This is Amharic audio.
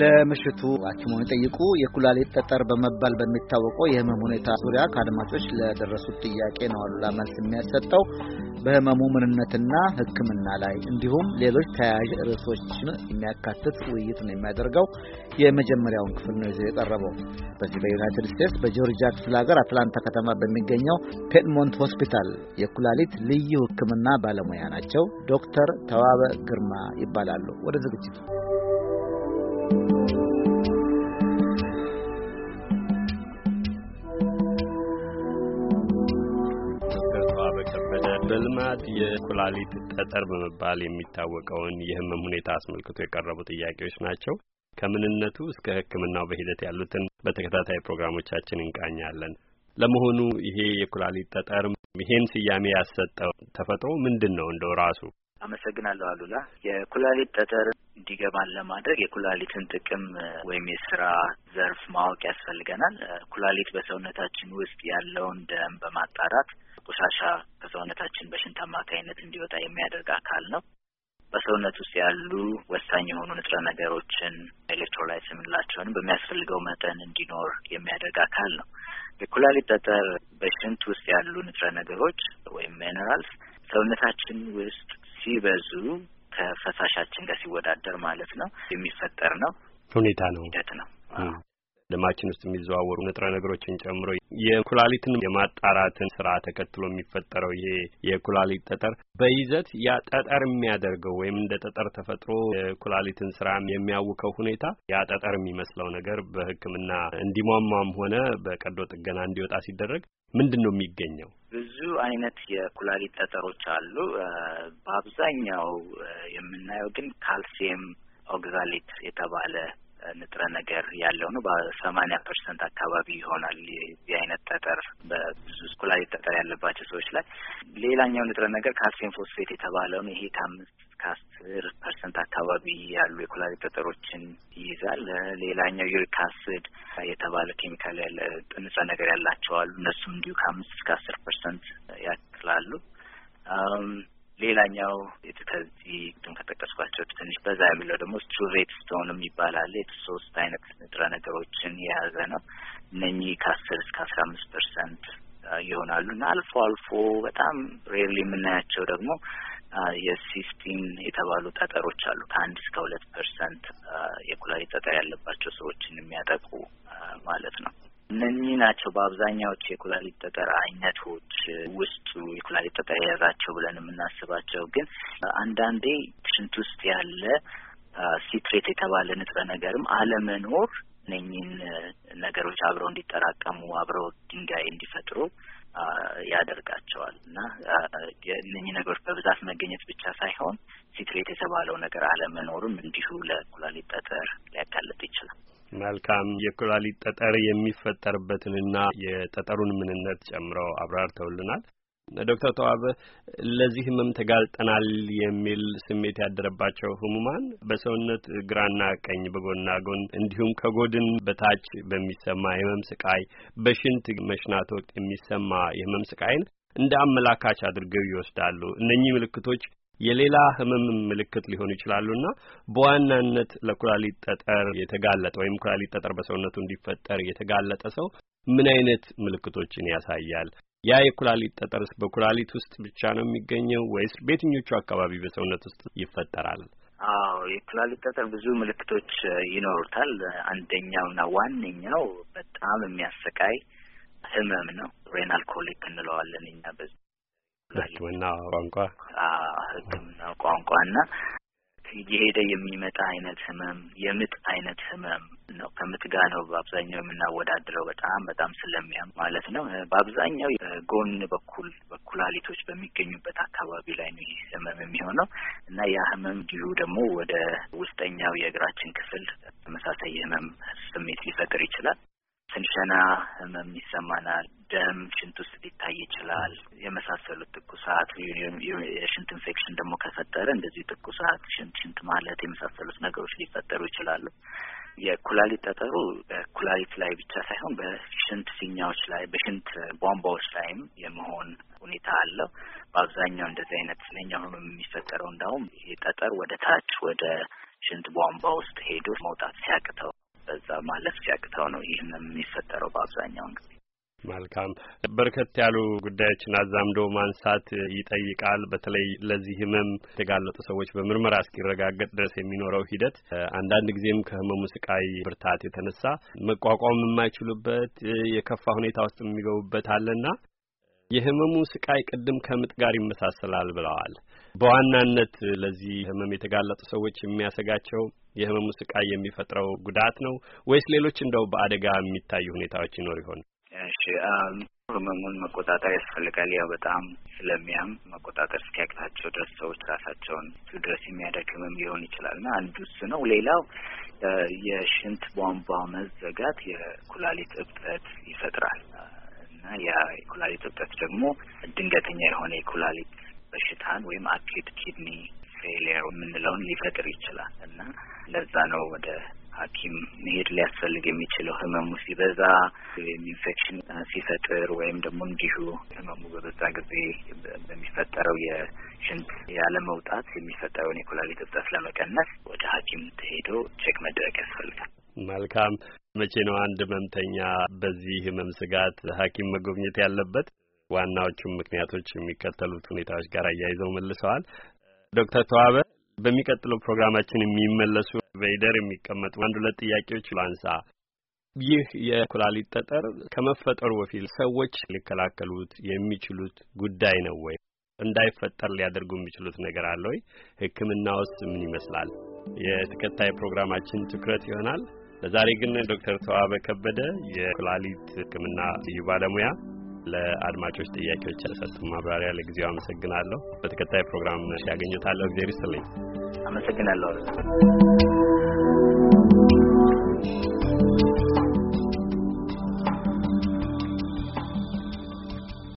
ለምሽቱ ሐኪሙን ይጠይቁ የኩላሊት ጠጠር በመባል በሚታወቀው የህመም ሁኔታ ዙሪያ ከአድማጮች ለደረሱት ጥያቄ ነው አሉላ መልስ የሚያሰጠው። በህመሙ ምንነትና ሕክምና ላይ እንዲሁም ሌሎች ተያያዥ ርዕሶችን የሚያካትት ውይይት ነው የሚያደርገው። የመጀመሪያውን ክፍል ነው ይዞ የቀረበው። በዚህ በዩናይትድ ስቴትስ በጆርጂያ ክፍለ ሀገር አትላንታ ከተማ በሚገኘው ፔድሞንት ሆስፒታል የኩላሊት ልዩ ሕክምና ባለሙያ ናቸው። ዶክተር ተዋበ ግርማ ይባላሉ። ወደ ዝግጅቱ በልማድ የኩላሊት ጠጠር በመባል የሚታወቀውን የህመም ሁኔታ አስመልክቶ የቀረቡ ጥያቄዎች ናቸው። ከምንነቱ እስከ ሕክምናው በሂደት ያሉትን በተከታታይ ፕሮግራሞቻችን እንቃኛለን። ለመሆኑ ይሄ የኩላሊት ጠጠር ይሄን ስያሜ ያሰጠው ተፈጥሮ ምንድን ነው? እንደው ራሱ አመሰግናለሁ አሉላ። የኩላሊት ጠጠር እንዲገባን ለማድረግ የኩላሊትን ጥቅም ወይም የስራ ዘርፍ ማወቅ ያስፈልገናል። ኩላሊት በሰውነታችን ውስጥ ያለውን ደም በማጣራት ቆሻሻ ከሰውነታችን በሽንት አማካኝነት እንዲወጣ የሚያደርግ አካል ነው። በሰውነት ውስጥ ያሉ ወሳኝ የሆኑ ንጥረ ነገሮችን ኤሌክትሮላይት የምንላቸውን በሚያስፈልገው መጠን እንዲኖር የሚያደርግ አካል ነው። የኩላሊት ጠጠር በሽንት ውስጥ ያሉ ንጥረ ነገሮች ወይም ሚነራልስ ሰውነታችን ውስጥ ሲበዙ ከፈሳሻችን ጋር ሲወዳደር ማለት ነው የሚፈጠር ነው ሁኔታ ነው ሂደት ነው። ደማችን ውስጥ የሚዘዋወሩ ንጥረ ነገሮችን ጨምሮ የኩላሊትን የማጣራትን ስራ ተከትሎ የሚፈጠረው ይሄ የኩላሊት ጠጠር በይዘት ያ ጠጠር የሚያደርገው ወይም እንደ ጠጠር ተፈጥሮ የኩላሊትን ስራ የሚያውከው ሁኔታ ያ ጠጠር የሚመስለው ነገር በሕክምና እንዲሟሟም ሆነ በቀዶ ጥገና እንዲወጣ ሲደረግ ምንድን ነው የሚገኘው? ብዙ አይነት የኩላሊት ጠጠሮች አሉ። በአብዛኛው የምናየው ግን ካልሲየም ኦግዛሌት የተባለ ንጥረ ነገር ያለው ነው። በሰማኒያ ፐርሰንት አካባቢ ይሆናል የዚህ አይነት ጠጠር በብዙ ኩላሊት ጠጠር ያለባቸው ሰዎች ላይ። ሌላኛው ንጥረ ነገር ካልሲየም ፎስፌት የተባለው ነው። ይሄ ከአምስት ከአስር ፐርሰንት አካባቢ ያሉ የኩላሊት ጠጠሮችን ይይዛል። ሌላኛው ዩሪክ አሲድ የተባለ ኬሚካል ያለ ንጥረ ነገር ያላቸው አሉ። እነሱ እንዲሁ ከአምስት እስከ አስር ፐርሰንት ያክላሉ። ሌላኛው ከዚህ ቅድም ከጠቀስኳቸው ትንሽ በዛ የሚለው ደግሞ ቹሬት ስቶን የሚባል አለ። ሶስት አይነት ንጥረ ነገሮችን የያዘ ነው። እነኚህ ከአስር እስከ አስራ አምስት ፐርሰንት ይሆናሉ እና አልፎ አልፎ በጣም ሬርሊ የምናያቸው ደግሞ የሲስቲን የተባሉ ጠጠሮች አሉ። ከአንድ እስከ ሁለት ፐርሰንት የኩላሊት ጠጠር ያለባቸው ሰዎችን የሚያጠቁ ማለት ነው። እነኚህ ናቸው በአብዛኛዎቹ የኩላሊት ጠጠር አይነቶች ውስጡ የኩላሊት ጠጠር የያዛቸው ብለን የምናስባቸው። ግን አንዳንዴ ሽንት ውስጥ ያለ ሲትሬት የተባለ ንጥረ ነገርም አለመኖር እነኚህን ነገሮች አብረው እንዲጠራቀሙ አብረው ድንጋይ እንዲፈጥሩ ያደርጋቸዋል እና እነኚህ ነገሮች በብዛት መገኘት ብቻ ሳይሆን ሲትሬት የተባለው ነገር አለመኖርም እንዲሁ ለኩላሊት ጠጠር ሊያጋለጥ መልካም የኩላሊት ጠጠር የሚፈጠርበትንና የጠጠሩን ምንነት ጨምረው አብራርተውልናል። ዶክተር ተዋበ ለዚህ ህመም ተጋልጠናል የሚል ስሜት ያደረባቸው ህሙማን በሰውነት ግራና ቀኝ በጎና ጎን እንዲሁም ከጎድን በታች በሚሰማ የህመም ስቃይ በሽንት መሽናት ወቅት የሚሰማ የህመም ስቃይን እንደ አመላካች አድርገው ይወስዳሉ። እነኚህ ምልክቶች የሌላ ህመም ምልክት ሊሆኑ ይችላሉና በዋናነት ለኩላሊት ጠጠር የተጋለጠ ወይም ኩላሊት ጠጠር በሰውነቱ እንዲፈጠር የተጋለጠ ሰው ምን አይነት ምልክቶችን ያሳያል? ያ የኩላሊት ጠጠርስ በኩላሊት ውስጥ ብቻ ነው የሚገኘው ወይስ በየትኞቹ አካባቢ በሰውነት ውስጥ ይፈጠራል? አዎ የኩላሊት ጠጠር ብዙ ምልክቶች ይኖሩታል። አንደኛውና ዋነኛው በጣም የሚያሰቃይ ህመም ነው። ሬናል ኮሊክ እንለዋለን እኛ በዚህ ቋንቋ። ሕክምና ቋንቋና እየሄደ የሚመጣ አይነት ህመም የምጥ አይነት ህመም ነው። ከምጥ ጋር ነው በአብዛኛው የምናወዳድረው በጣም በጣም ስለሚያም ማለት ነው። በአብዛኛው ጎን በኩል በኩላሊቶች በሚገኙበት አካባቢ ላይ ነው ይህ ህመም የሚሆነው እና ያ ህመም እንዲሁ ደግሞ ወደ ውስጠኛው የእግራችን ክፍል ተመሳሳይ የህመም ስሜት ሊፈጥር ይችላል። ስንሸና ህመም ይሰማናል። ደም ሽንት ውስጥ ሊታይ ይችላል። የመሳሰሉት ትኩሳት፣ የሽንት ኢንፌክሽን ደግሞ ከፈጠረ እንደዚህ ትኩሳት፣ ሽንት ሽንት ማለት የመሳሰሉት ነገሮች ሊፈጠሩ ይችላሉ። የኩላሊት ጠጠሩ በኩላሊት ላይ ብቻ ሳይሆን በሽንት ፊኛዎች ላይ በሽንት ቧንቧዎች ላይም የመሆን ሁኔታ አለው። በአብዛኛው እንደዚህ አይነት ስለኛ ሆኖ የሚፈጠረው እንዳውም ይሄ ጠጠር ወደ ታች ወደ ሽንት ቧንቧ ውስጥ ሄዶ መውጣት ሲያቅተው በዛ ማለፍ ሲያቅተው ነው ይህም የሚፈጠረው በአብዛኛውን ጊዜ። መልካም በርከት ያሉ ጉዳዮችን አዛምዶ ማንሳት ይጠይቃል። በተለይ ለዚህ ህመም የተጋለጡ ሰዎች በምርመራ እስኪረጋገጥ ድረስ የሚኖረው ሂደት አንዳንድ ጊዜም ከህመሙ ስቃይ ብርታት የተነሳ መቋቋም የማይችሉበት የከፋ ሁኔታ ውስጥ የሚገቡበት አለና የህመሙ ስቃይ ቅድም ከምጥ ጋር ይመሳሰላል ብለዋል። በዋናነት ለዚህ ህመም የተጋለጡ ሰዎች የሚያሰጋቸው የህመሙ ስቃይ የሚፈጥረው ጉዳት ነው ወይስ ሌሎች እንደው በአደጋ የሚታዩ ሁኔታዎች ይኖር ይሆን? እሺ ህመሙን መቆጣጠር ያስፈልጋል። ያው በጣም ስለሚያም መቆጣጠር እስኪያቅታቸው ድረስ ሰዎች ራሳቸውን ድረስ የሚያደርግ ህመም ሊሆን ይችላል እና አንዱ እሱ ነው። ሌላው የሽንት ቧንቧ መዘጋት የኩላሊት እብጠት ይፈጥራል እና ያ የኩላሊት እብጠት ደግሞ ድንገተኛ የሆነ የኩላሊት በሽታን ወይም አኪዩት ኪድኒ ፌሊየር የምንለውን ሊፈጥር ይችላል እና ለዛ ነው ወደ ሐኪም መሄድ ሊያስፈልግ የሚችለው ህመሙ ሲበዛ ወይም ኢንፌክሽን ሲፈጥር ወይም ደግሞ እንዲሁ ህመሙ በበዛ ጊዜ በሚፈጠረው የሽንት ያለመውጣት የሚፈጠረውን የኩላሊት እብጠት ለመቀነስ ወደ ሐኪም ተሄዶ ቼክ መደረግ ያስፈልጋል። መልካም። መቼ ነው አንድ ህመምተኛ በዚህ ህመም ስጋት ሐኪም መጎብኘት ያለበት? ዋናዎቹም ምክንያቶች የሚከተሉት ሁኔታዎች ጋር አያይዘው መልሰዋል ዶክተር ተዋበ በሚቀጥለው ፕሮግራማችን የሚመለሱ በይደር የሚቀመጡ አንድ ሁለት ጥያቄዎች ላንሳ። ይህ የኩላሊት ጠጠር ከመፈጠሩ በፊት ሰዎች ሊከላከሉት የሚችሉት ጉዳይ ነው ወይ? እንዳይፈጠር ሊያደርጉ የሚችሉት ነገር አለ ወይ? ሕክምና ውስጥ ምን ይመስላል? የተከታይ ፕሮግራማችን ትኩረት ይሆናል። ለዛሬ ግን ዶክተር ተዋበ ከበደ የኩላሊት ሕክምና ልዩ ባለሙያ ለአድማጮች ጥያቄዎች ያልሰጡን ማብራሪያ ለጊዜው አመሰግናለሁ። በተከታይ ፕሮግራም ያገኙታለሁ። እግዜር ይስጥልኝ። አመሰግናለሁ።